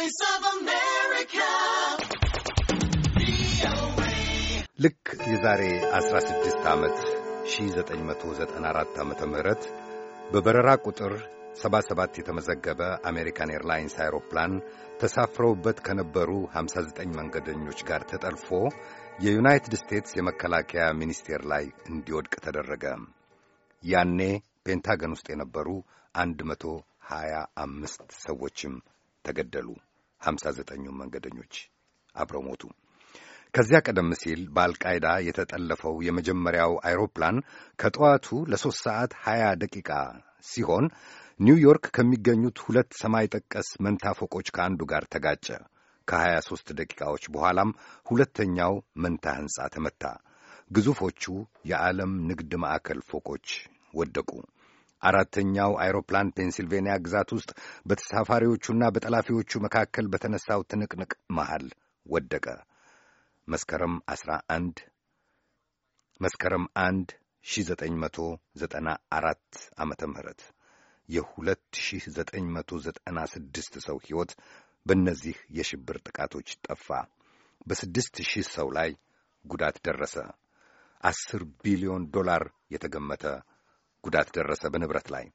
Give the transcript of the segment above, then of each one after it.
Voice of America. ልክ የዛሬ 16 ዓመት 1994 ዓመተ ምህረት በበረራ ቁጥር 77 የተመዘገበ አሜሪካን ኤርላይንስ አይሮፕላን ተሳፍረውበት ከነበሩ 59 መንገደኞች ጋር ተጠልፎ የዩናይትድ ስቴትስ የመከላከያ ሚኒስቴር ላይ እንዲወድቅ ተደረገ። ያኔ ፔንታገን ውስጥ የነበሩ 125 ሰዎችም ተገደሉ። 59 መንገደኞች አብረው ሞቱ። ከዚያ ቀደም ሲል በአልቃይዳ የተጠለፈው የመጀመሪያው አይሮፕላን ከጠዋቱ ለሦስት ሰዓት 20 ደቂቃ ሲሆን ኒውዮርክ ከሚገኙት ሁለት ሰማይ ጠቀስ መንታ ፎቆች ከአንዱ ጋር ተጋጨ። ከ23 ደቂቃዎች በኋላም ሁለተኛው መንታ ሕንፃ ተመታ። ግዙፎቹ የዓለም ንግድ ማዕከል ፎቆች ወደቁ። አራተኛው አይሮፕላን ፔንሲልቬንያ ግዛት ውስጥ በተሳፋሪዎቹና በጠላፊዎቹ መካከል በተነሳው ትንቅንቅ መሃል ወደቀ። መስከረም 11 መስከረም 1 1994 ዓመተ ምህረት የ2996 ሰው ሕይወት በእነዚህ የሽብር ጥቃቶች ጠፋ። በስድስት ሺህ ሰው ላይ ጉዳት ደረሰ። አስር ቢሊዮን ዶላር የተገመተ ጉዳት ደረሰ በንብረት ላይ።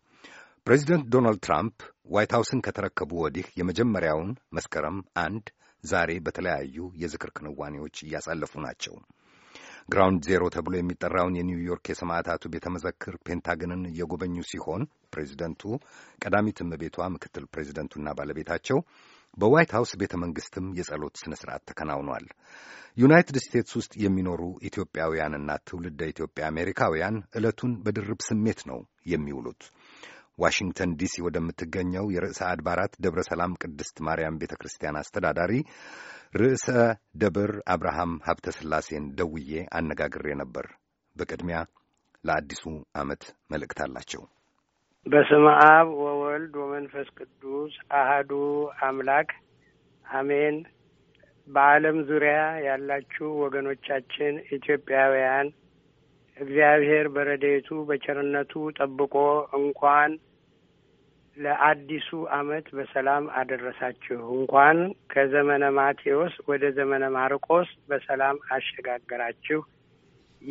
ፕሬዚደንት ዶናልድ ትራምፕ ዋይት ሀውስን ከተረከቡ ወዲህ የመጀመሪያውን መስከረም አንድ ዛሬ በተለያዩ የዝክር ክንዋኔዎች እያሳለፉ ናቸው። ግራውንድ ዜሮ ተብሎ የሚጠራውን የኒውዮርክ የሰማዕታቱ ቤተ መዘክር ፔንታገንን እየጎበኙ ሲሆን ፕሬዚደንቱ፣ ቀዳሚት እመቤቷ፣ ምክትል ፕሬዚደንቱና ባለቤታቸው በዋይት ሀውስ ቤተ መንግሥትም የጸሎት ሥነ ሥርዓት ተከናውኗል። ዩናይትድ ስቴትስ ውስጥ የሚኖሩ ኢትዮጵያውያንና ትውልደ ኢትዮጵያ አሜሪካውያን ዕለቱን በድርብ ስሜት ነው የሚውሉት። ዋሽንግተን ዲሲ ወደምትገኘው የርዕሰ አድባራት ደብረ ሰላም ቅድስት ማርያም ቤተ ክርስቲያን አስተዳዳሪ ርዕሰ ደብር አብርሃም ሀብተ ሥላሴን ደውዬ አነጋግሬ ነበር። በቅድሚያ ለአዲሱ ዓመት መልእክት አላቸው። በስመ አብ ወወልድ ወመንፈስ ቅዱስ አህዱ አምላክ አሜን። በዓለም ዙሪያ ያላችሁ ወገኖቻችን ኢትዮጵያውያን እግዚአብሔር በረድኤቱ በቸርነቱ ጠብቆ እንኳን ለአዲሱ ዓመት በሰላም አደረሳችሁ። እንኳን ከዘመነ ማቴዎስ ወደ ዘመነ ማርቆስ በሰላም አሸጋገራችሁ።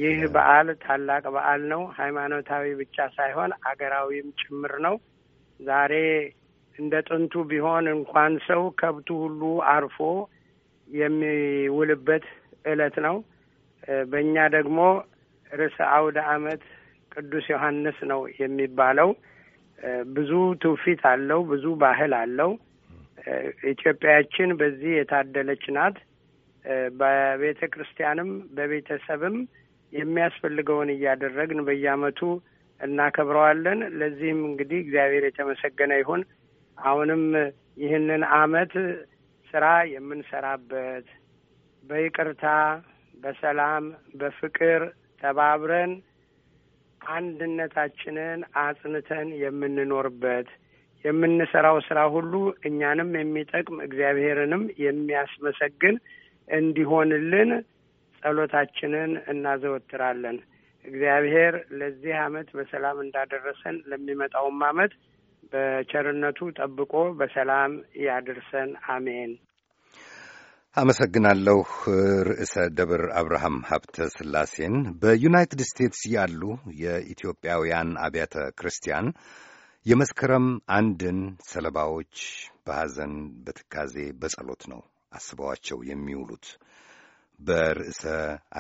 ይህ በዓል ታላቅ በዓል ነው። ሃይማኖታዊ ብቻ ሳይሆን አገራዊም ጭምር ነው። ዛሬ እንደ ጥንቱ ቢሆን እንኳን ሰው ከብቱ ሁሉ አርፎ የሚውልበት ዕለት ነው። በእኛ ደግሞ ርዕሰ አውደ ዓመት ቅዱስ ዮሐንስ ነው የሚባለው። ብዙ ትውፊት አለው፣ ብዙ ባህል አለው። ኢትዮጵያችን በዚህ የታደለች ናት። በቤተ ክርስቲያንም በቤተሰብም የሚያስፈልገውን እያደረግን በየአመቱ እናከብረዋለን። ለዚህም እንግዲህ እግዚአብሔር የተመሰገነ ይሁን። አሁንም ይህንን አመት ስራ የምንሰራበት በይቅርታ፣ በሰላም፣ በፍቅር ተባብረን አንድነታችንን አጽንተን የምንኖርበት የምንሰራው ስራ ሁሉ እኛንም የሚጠቅም እግዚአብሔርንም የሚያስመሰግን እንዲሆንልን ጸሎታችንን እናዘወትራለን። እግዚአብሔር ለዚህ ዓመት በሰላም እንዳደረሰን ለሚመጣውም ዓመት በቸርነቱ ጠብቆ በሰላም ያድርሰን። አሜን። አመሰግናለሁ። ርዕሰ ደብር አብርሃም ሀብተ ስላሴን በዩናይትድ ስቴትስ ያሉ የኢትዮጵያውያን አብያተ ክርስቲያን የመስከረም አንድን ሰለባዎች በሐዘን፣ በትካዜ፣ በጸሎት ነው አስበዋቸው የሚውሉት። በርዕሰ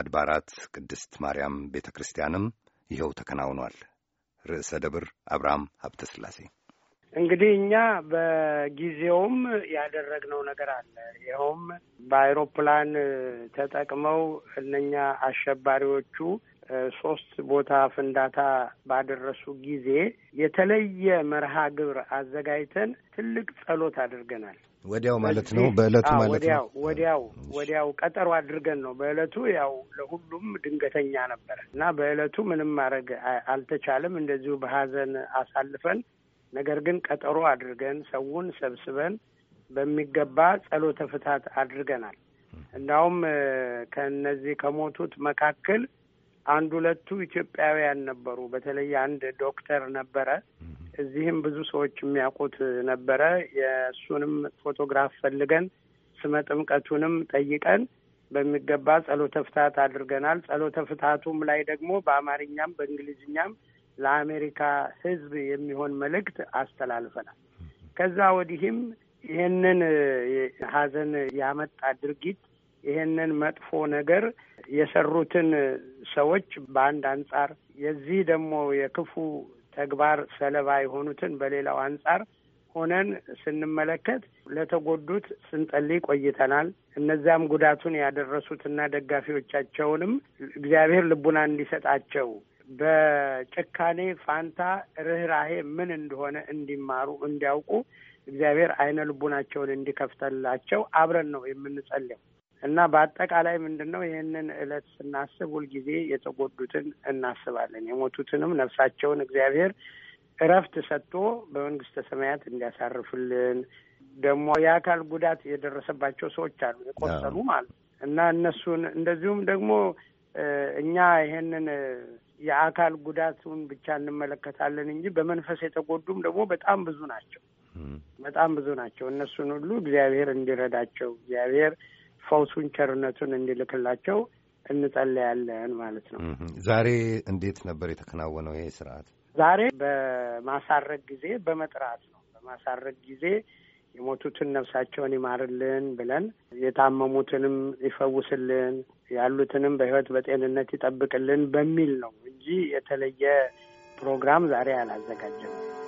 አድባራት ቅድስት ማርያም ቤተ ክርስቲያንም ይኸው ተከናውኗል። ርዕሰ ደብር አብርሃም ሀብተ ስላሴ እንግዲህ እኛ በጊዜውም ያደረግነው ነገር አለ። ይኸውም በአይሮፕላን ተጠቅመው እነኛ አሸባሪዎቹ ሶስት ቦታ ፍንዳታ ባደረሱ ጊዜ የተለየ መርሃ ግብር አዘጋጅተን ትልቅ ጸሎት አድርገናል። ወዲያው ማለት ነው። በእለቱ ማለት ነው። ወዲያው ወዲያው ቀጠሮ አድርገን ነው። በእለቱ ያው ለሁሉም ድንገተኛ ነበረ እና በእለቱ ምንም ማድረግ አልተቻለም። እንደዚሁ በሀዘን አሳልፈን፣ ነገር ግን ቀጠሮ አድርገን ሰውን ሰብስበን በሚገባ ጸሎተ ፍታት አድርገናል። እንዳውም ከነዚህ ከሞቱት መካከል አንድ ሁለቱ ኢትዮጵያውያን ነበሩ። በተለይ አንድ ዶክተር ነበረ እዚህም ብዙ ሰዎች የሚያውቁት ነበረ። የእሱንም ፎቶግራፍ ፈልገን ስመ ጥምቀቱንም ጠይቀን በሚገባ ጸሎተ ፍትሀት አድርገናል። ጸሎተ ፍትሀቱም ላይ ደግሞ በአማርኛም በእንግሊዝኛም ለአሜሪካ ሕዝብ የሚሆን መልእክት አስተላልፈናል። ከዛ ወዲህም ይህንን ሀዘን ያመጣ ድርጊት ይህንን መጥፎ ነገር የሰሩትን ሰዎች በአንድ አንጻር የዚህ ደግሞ የክፉ ተግባር ሰለባ የሆኑትን በሌላው አንጻር ሆነን ስንመለከት ለተጎዱት ስንጸልይ ቆይተናል። እነዚያም ጉዳቱን ያደረሱትና ደጋፊዎቻቸውንም እግዚአብሔር ልቡና እንዲሰጣቸው በጭካኔ ፋንታ ርኅራሄ ምን እንደሆነ እንዲማሩ እንዲያውቁ እግዚአብሔር አይነ ልቡናቸውን እንዲከፍተላቸው አብረን ነው የምንጸልየው። እና በአጠቃላይ ምንድን ነው ይህንን እለት ስናስብ ሁልጊዜ የተጎዱትን እናስባለን። የሞቱትንም ነፍሳቸውን እግዚአብሔር እረፍት ሰጥቶ በመንግስተ ሰማያት እንዲያሳርፍልን ደግሞ የአካል ጉዳት የደረሰባቸው ሰዎች አሉ፣ የቆሰሉ ማለት እና እነሱን እንደዚሁም ደግሞ እኛ ይሄንን የአካል ጉዳቱን ብቻ እንመለከታለን እንጂ በመንፈስ የተጎዱም ደግሞ በጣም ብዙ ናቸው። በጣም ብዙ ናቸው። እነሱን ሁሉ እግዚአብሔር እንዲረዳቸው እግዚአብሔር ፈውሱን ቸርነቱን እንዲልክላቸው እንጸለያለን ማለት ነው። ዛሬ እንዴት ነበር የተከናወነው ይሄ ስርዓት? ዛሬ በማሳረግ ጊዜ በመጥራት ነው። በማሳረግ ጊዜ የሞቱትን ነፍሳቸውን ይማርልን ብለን የታመሙትንም ይፈውስልን፣ ያሉትንም በሕይወት በጤንነት ይጠብቅልን በሚል ነው እንጂ የተለየ ፕሮግራም ዛሬ አላዘጋጀም።